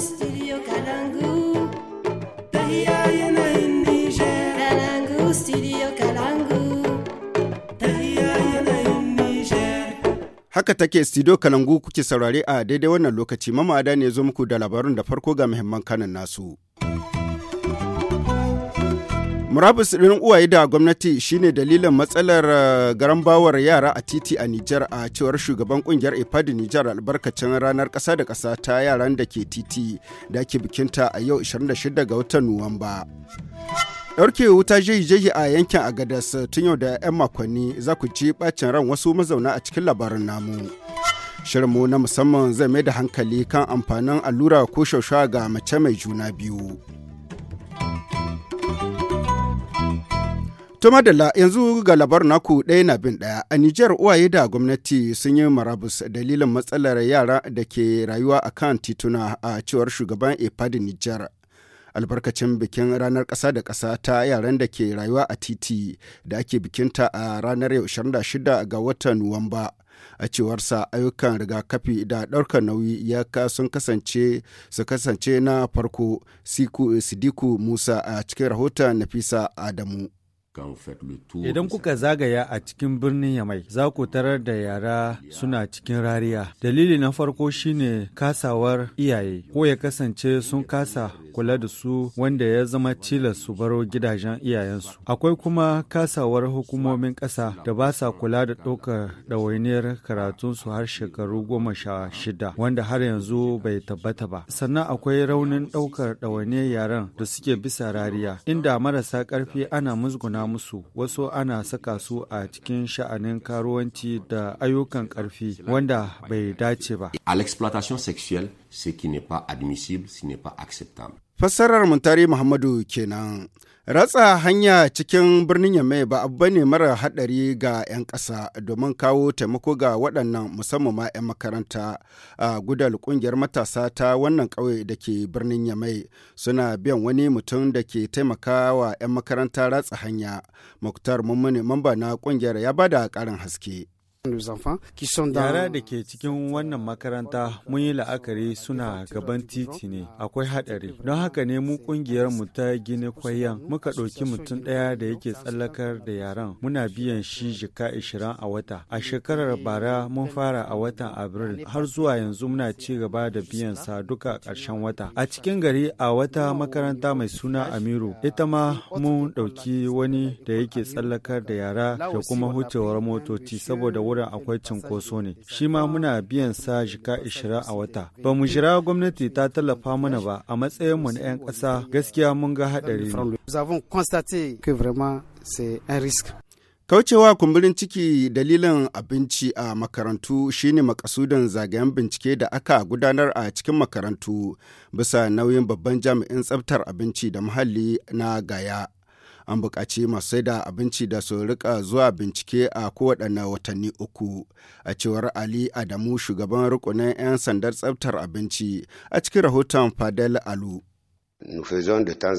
studio Haka take studio Kalangu kuke saurare a daidai wannan lokaci mamada ne zo muku da labarun da farko ga muhimman kanan nasu. Murabus ɗin uwaye da gwamnati shine dalilin matsalar eh, garambawar yara a titi a Nijar a cewar shugaban kungiyar Ifadi Nijar albarkacin ranar ƙasa da ƙasa ta yaran da ke titi da ake bikinta a yau 26 ga watan Nuwamba. ɗauke wuta jeji a yankin Agadas eh, tun yau da 'yan makonni za ku ji ɓacin ran wasu mazauna a cikin labarin namu. mu na musamman zai mai da hankali kan amfanin allura ko shaushawa ga mace mai juna biyu. To madalla yanzu ga labar naku ɗaya na bin ɗaya a Nijar uwaye da gwamnati sun yi marabus dalilin matsalar yara da ke rayuwa a kan tituna a cewar shugaban EPAD Nijar. Albarkacin bikin ranar ƙasa da ƙasa ta yaran da ke rayuwa a titi da ake bikinta a ranar 26 ga watan Nuwamba. a cewarsa ayyukan rigakafi da ɗaukar nauyi ya sun kasance su kasance na farko siku sidiku musa a cikin rahoton nafisa adamu Idan kuka zagaya a cikin birnin Yamai, za ku tarar da yara suna cikin rariya. Dalili na farko shine kasawar iyaye, ko ya kasance sun kasa kula da su wanda ya zama tilas su baro gidajen iyayensu. Akwai kuma kasawar hukumomin ƙasa da ba sa kula da ɗaukar ɗawainiyar karatunsu har shekaru goma sha shida wanda har yanzu bai tabbata ba. Sannan akwai raunin ɗaukar ɗawainiyar yaran da suke bisa rariya inda marasa ƙarfi ana musguna musu wasu ana saka su a cikin sha'anin karuwanci da ayyukan ƙarfi wanda bai dace ba. À l'exploitation sexuelle, ce qui n'est pas admissible, ce n'est pas acceptable. Fassarar Muntari Muhammadu kenan. Ratsa hanya cikin birnin Yamai ba abu bane mara haɗari ga 'yan ƙasa domin kawo taimako ga waɗannan musamman ma 'yan makaranta a gudal ƙungiyar matasa ta wannan ƙauye da ke birnin Yamai suna biyan wani mutum da ke taimaka wa 'yan makaranta ratsa hanya. Muktar Mummuni mamba na ƙungiyar ya bada ƙarin haske. qui sont dans yara da ke cikin wannan makaranta mun yi la'akari suna gaban titi ne akwai hadari don haka ne mu kungiyar mu ta gine kwayan muka ɗauki mutum ɗaya da yake tsallakar da yaran muna biyan shi jika 20 a wata a shekarar bara mun fara a watan abril har zuwa yanzu muna ci gaba da biyan sa duka karshen wata a cikin gari a wata makaranta mai suna amiru ita ma mun ɗauki wani da yake tsallakar da yara da kuma hucewar motoci saboda wurin wurin akwai cinkoso ne shi ma muna biyan sa jika ishirin a wata ba mu jira gwamnati ta tallafa mana ba a matsayin mu na 'yan ƙasa gaskiya mun ga haɗari Kaucewa kumburin ciki dalilin abinci a makarantu shine makasudan zagayen bincike da aka gudanar a cikin makarantu bisa nauyin babban jami'in tsabtar abinci da muhalli na gaya an buƙaci masu sai da abinci da su rika zuwa bincike a kowaɗanne watanni uku a cewar ali adamu shugaban rukunin 'yan sandar tsaftar abinci a cikin rahoton fadel alu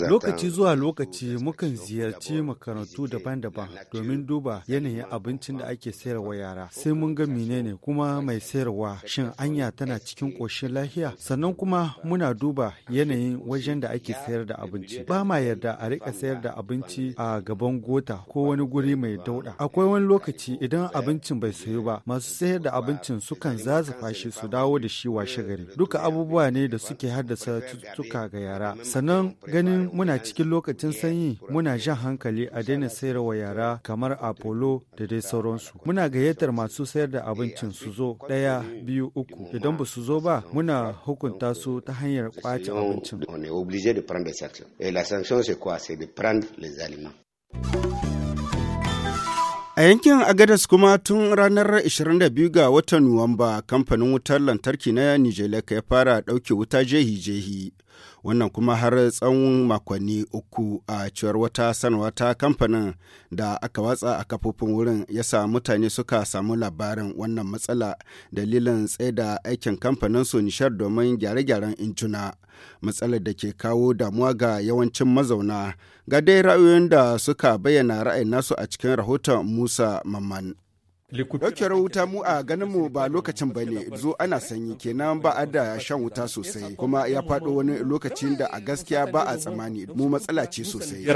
Lokaci zuwa lokaci mukan ziyarci makarantu daban-daban domin duba yanayin abincin da ake sayarwa yara. Sai mun ga menene kuma mai sayarwa shin anya tana cikin ƙoshin lafiya? Sannan kuma muna duba yanayin wajen da ake sayar da abinci. Ba ma yarda a rika sayar da abinci a gaban gota ko wani guri mai dauɗa. Akwai wani lokaci idan abincin bai sayu ba masu sayar da abincin sukan zazafa shi su dawo da shi washe gari. Duka abubuwa ne da suke haddasa cututtuka ga yara. sannan ganin muna cikin lokacin sanyi muna jan hankali a daina sayarwa yara kamar apollo da dai sauransu muna gayyatar masu sayar da abincin su zo ɗaya biyu uku idan ba su zo ba muna hukunta su ta hanyar kwace abincin A yankin Agadas kuma tun ranar 22 ga watan Nuwamba kamfanin wutar lantarki na Nijelek ya fara ɗauke wuta jehi-jehi. wannan kuma har tsawon makonni uku a ciwar wata sanarwa ta kamfanin da aka watsa a kafofin wurin ya sa mutane suka samu labarin wannan matsala dalilin tsaida aikin kamfanin su nishar domin gyare-gyaren injuna matsalar da ke kawo damuwa ga yawancin mazauna ga dai ra'ayoyin da suka bayyana ra'ayin nasu a cikin rahoton musa mamman Ɗaukewar wuta mu a ganin mu ba lokacin ba ne zo ana sanyi kenan ba a da shan wuta sosai kuma ya faɗo wani lokacin da a gaskiya ba a tsammani mu matsala ce sosai.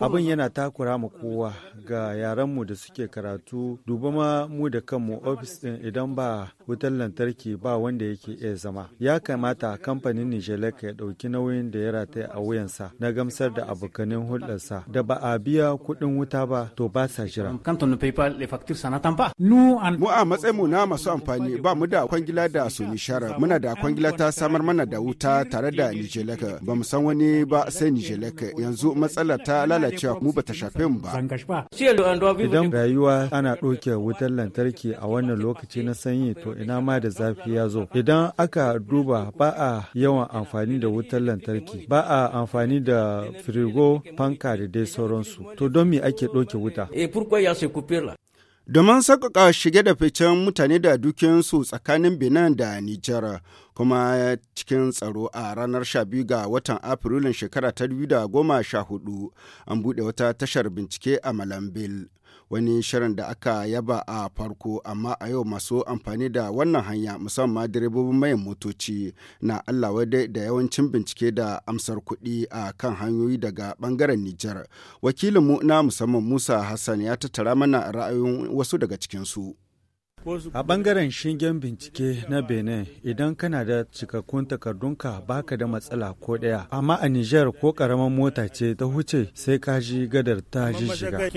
Abin yana takura mu kowa ga yaran mu da suke karatu duba ma mu da kanmu ofis ɗin idan ba wutar lantarki ba wanda yake iya zama. Ya kamata kamfanin Nijelek ya ɗauki nauyin da ya rataya a wuyansa na gamsar da abokanin hulɗarsa da ba a biya kuɗin wuta ba to ba sa jira. Mu a matsayin mu na masu amfani ba mu da kwangila da su Shara muna da kwangila ta samar mana da wuta tare da Nijelek ba mu san wani ba sai Nijelek yanzu matsalar ta lalacewa mu ba ta shafe mu ba. Idan rayuwa ana ɗauke wutar lantarki a wannan lokaci na sanyi to ina ma da zafi ya zo. Idan aka duba ba a yawan amfani da wutar lantarki ba a amfani da firigo fanka da dai sauransu to don me ake ɗauke wuta. domin sauƙaƙa shige da ficen mutane da dukiyansu tsakanin benin da nijar kuma cikin tsaro a ranar 12 ga watan afrilun shekara ta 2014 an buɗe wata tashar bincike a malambil wani shirin da aka yaba a farko amma a yau masu amfani da wannan hanya musamman direbobin mayan motoci na allah wadai da yawancin bincike da amsar kuɗi a kan hanyoyi daga ɓangaren nijar wakilinmu na musamman musa hassan ya tattara mana ra'ayoyin wasu daga cikinsu. A bangaren shingen bincike na Benin idan kana da cikakkun takardunka baka da matsala ko ɗaya. Amma a Nijar ko ƙaramin mota ce ta huce sai ka ji gadar ta jijjiga.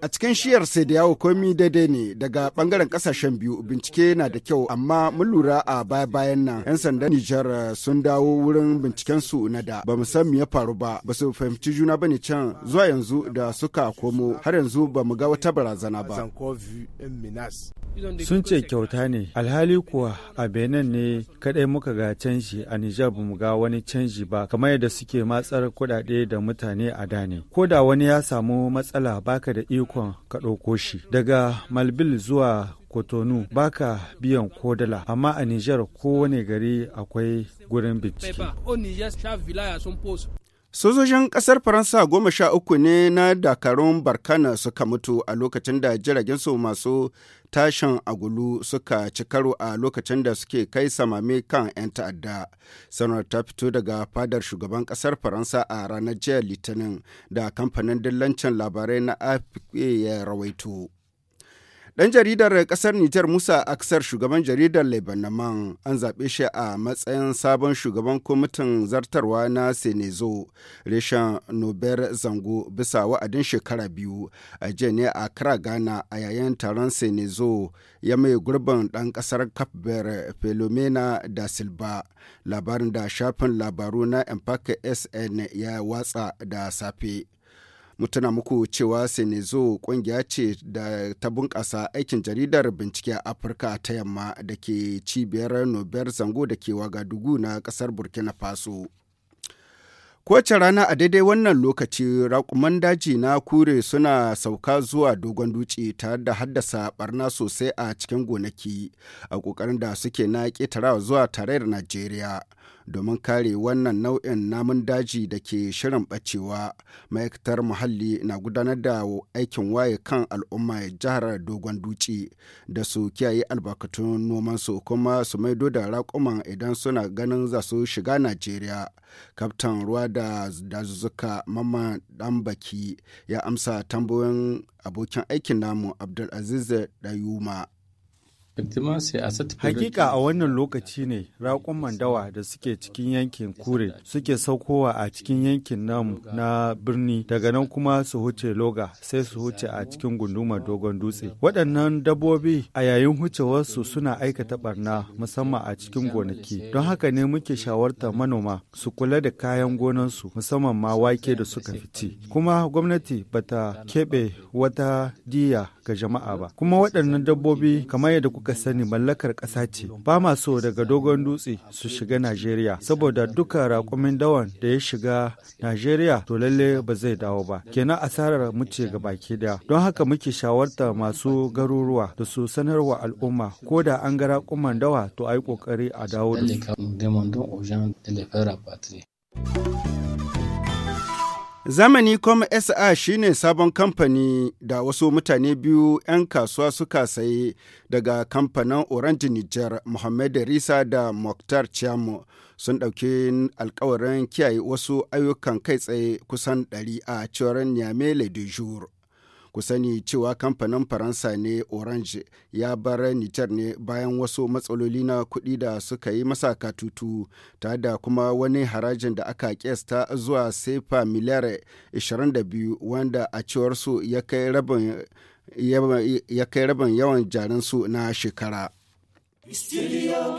A cikin shiyar sai da yawo komi daidai ne daga bangaren kasashen biyu bincike na da kyau amma mun lura a baya bayan nan 'yan sandan Nijar eh, sun dawo wurin binciken su na da bamu san me ya faru ba ba su fahimci juna bane can zuwa yanzu da suka komo har yanzu bamu ga wata barazana ba. Sun ce kyauta ne alhali kuwa a Benin ne kadai muka ga canji a Nijar mu ga wani canji ba kamar yadda suke matsar kuɗaɗe da mutane a da ne. Ko da wani ya samu matsala baka da ikon ka ɗauko shi daga malbil zuwa kotonu baka biyan ko dala amma a nijar kowane gari akwai gurin bincike Sojojin ƙasar Faransa goma sha uku ne na dakarun Barkana suka mutu a lokacin da jiragen su masu tashin agulu suka ci karo a lokacin da suke kai samami kan 'yan ta'adda. Sanar ta fito daga fadar shugaban ƙasar Faransa a ranar jiya Litinin da kamfanin dillancin labarai na AFP ya rawaito. Ɗan jaridar ƙasar Nijar Musa Aksar shugaban jaridar Lebanon an zaɓe shi a matsayin sabon shugaban kwamitin zartarwa na Senezo reshen Nobel Zango bisa wa'adin shekara biyu a jiya ne a Kara Ghana a yayin taron Senezo ya mai gurbin ɗan ƙasar Kapber pelomena da Silba labarin da shafin labaru na Empaka SN ya watsa da safe. mu tuna muku cewa senezo kungiya ce da ta bunƙasa aikin jaridar bincike a afirka ta yamma da ke cibiyar nobel zango da ke wagadugu na ƙasar burkina faso Kowace rana a daidai wannan lokaci raƙuman daji na kure suna sauka zuwa dogon dutse tare da haddasa barna sosai a cikin gonaki a ƙoƙarin da suke na ƙetarawa zuwa tarayyar Najeriya. domin kare wannan nau'in namun daji da ke shirin bacewa ma'aikatar muhalli na gudanar da aikin waye kan al'umma ya jihar dogon dutse da su kiyaye albarkatun noman su kuma su maido da raƙuman idan suna ganin za su shiga najeriya kaftan ruwa da dazuzzuka mamman baki ya amsa tambayoyin abokin aikin namu abdulaziz dayuma Hakika a wannan lokaci ne raƙon mandawa da suke cikin yankin kure suke saukowa a cikin yankin namu na birni daga nan kuma su huce loga sai su huce a cikin Gunduma dogon dutse. Waɗannan dabbobi a yayin hucewarsu suna aikata barna musamman a cikin gonaki. Don haka ne muke shawartar manoma su kula da kayan gonansu musamman ma wake da suka fici. Kuma gwamnati bata keɓe wata diya ga jama'a ba. Kuma waɗannan dabbobi kamar yadda kuka sani mallakar ƙasa ce. Ba ma so daga dogon dutse su shiga Najeriya, saboda duka raƙumin dawan da ya shiga Najeriya to lalle ba zai dawo ba. Kenan asarar mu ce ga baki daya. Don haka muke shawarta masu garuruwa da su sanarwa al'umma ko da an ga raƙuman dawa to a yi ƙoƙari a dawo da su. Zamani com SA shine sabon kamfani da wasu mutane biyu 'yan kasuwa suka sayi daga kamfanin Orange Niger Mohamed Risa da Mokhtar Chiamu sun ɗauki alkawarin kiyaye wasu ayyukan kai tsaye kusan 100 a cewar Niamey Le ku sani cewa kamfanin faransa ne orange ya bar nijar ne bayan wasu matsaloli na kuɗi da suka yi masa katutu tare da kuma wani harajin da aka kesta zuwa sefa miliyar 22 wanda a cewarsu ya kai rabin ya kai rabin yawan jarinsu na shekara. Studio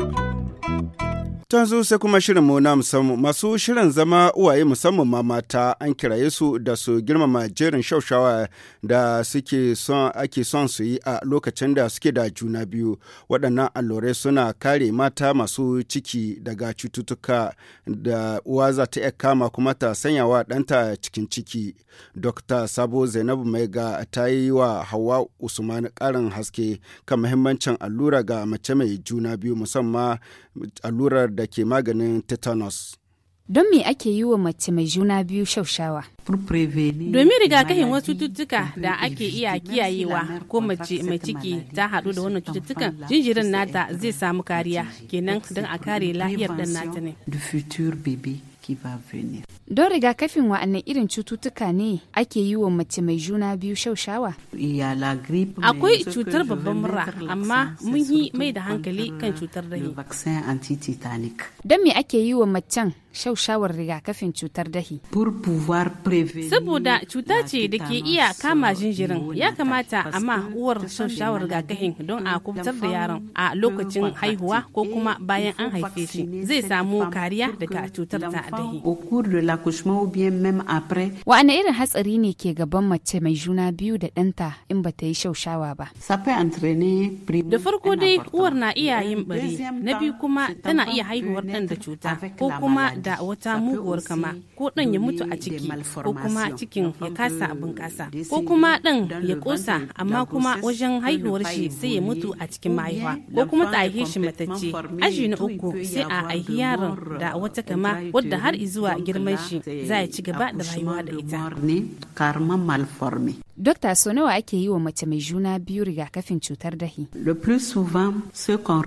tun sai kuma shirin mu na musamman masu shirin zama uwaye musamman ma mata an kiraye su da su girmama jerin shaushawa da suke son ake son su yi a lokacin da suke da juna biyu waɗannan allurai suna kare mata masu ciki daga cututtuka da uwa za ta iya kama kuma ta sanya wa ɗanta cikin ciki dr sabo zainabu mai ta yi wa hawa usman ƙarin haske kan muhimmancin allura ga mace mai juna biyu musamman allurar da ke maganin tetanus. Don me ake yi wa mace mai juna biyu shaushawa? Domin rigakafin wasu cututtuka da ake iya kiyayewa ko mace mai ciki ta haɗu da wannan cututtukan jinjirin nata zai samu kariya kenan don a kare lahiyar ɗan nata ne. qui va venir. Don rigakafin wa'annan irin cututtuka ne ake yi wa mace mai juna biyu shaushawa? Akwai cutar babban mura, amma mun yi mai da hankali kan cutar dahi. Don me ake yi wa macen shaushawar rigakafin cutar dahi? Saboda cuta ce da ke iya kama jinjirin, ya kamata a ma uwar shaushawar rigakafin don a kubutar da yaron a lokacin haihuwa ko kuma bayan an haife shi. Zai samu kariya daga cutar ta Wa'ana irin hatsari ne ke gaban mace mai juna biyu da ɗanta in ba ta yi shaushawa ba? Da farko dai uwar na iya yin bari, na biyu kuma tana iya haihuwar ɗan da cuta, ko kuma da wata muguwar kama, ko ɗan ya mutu a ciki, ko kuma cikin ya kasa abin kasa, ko kuma ɗan ya ƙosa amma kuma wajen haihuwar shi sai ya mutu a cikin mahaifa, ko kuma ta haihe shi matacce. Aji na uku sai a aihi yaron da wata kama wadda har zuwa girman shi za a ci gaba da rayuwa da ita. Dokta so nawa ake yi wa mace mai juna biyu rigakafin cutar dahi?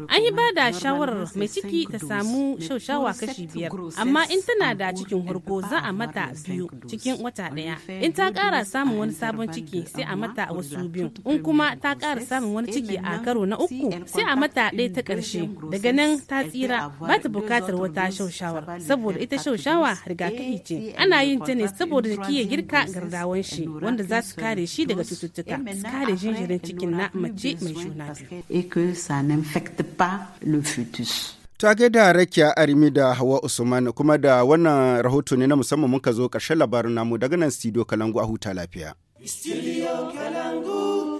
An yi ba da shawarar mai ciki ta samu shaushawa kashi biyar, amma in tana da cikin hurgo za a mata biyu cikin wata ɗaya. In ta ƙara samun wani sabon ciki sai a mata wasu biyu. In kuma ta ƙara samun wani ciki a karo na uku sai a mata ɗaya ta ƙarshe. Daga nan ta tsira ba ta buƙatar wata shaushawar saboda ita shawa rigakafi ce ana yin ta ne saboda jiki ya girka gardawan shi wanda za su kare shi daga cututtuka su kare jinjirin cikin na mace mai juna biyu ta gaida rakiya arimi da hawa usman kuma da wannan rahoto ne na musamman muka zo ƙarshen labarin namu daga nan studio kalangu a huta lafiya. Studio Kalangu.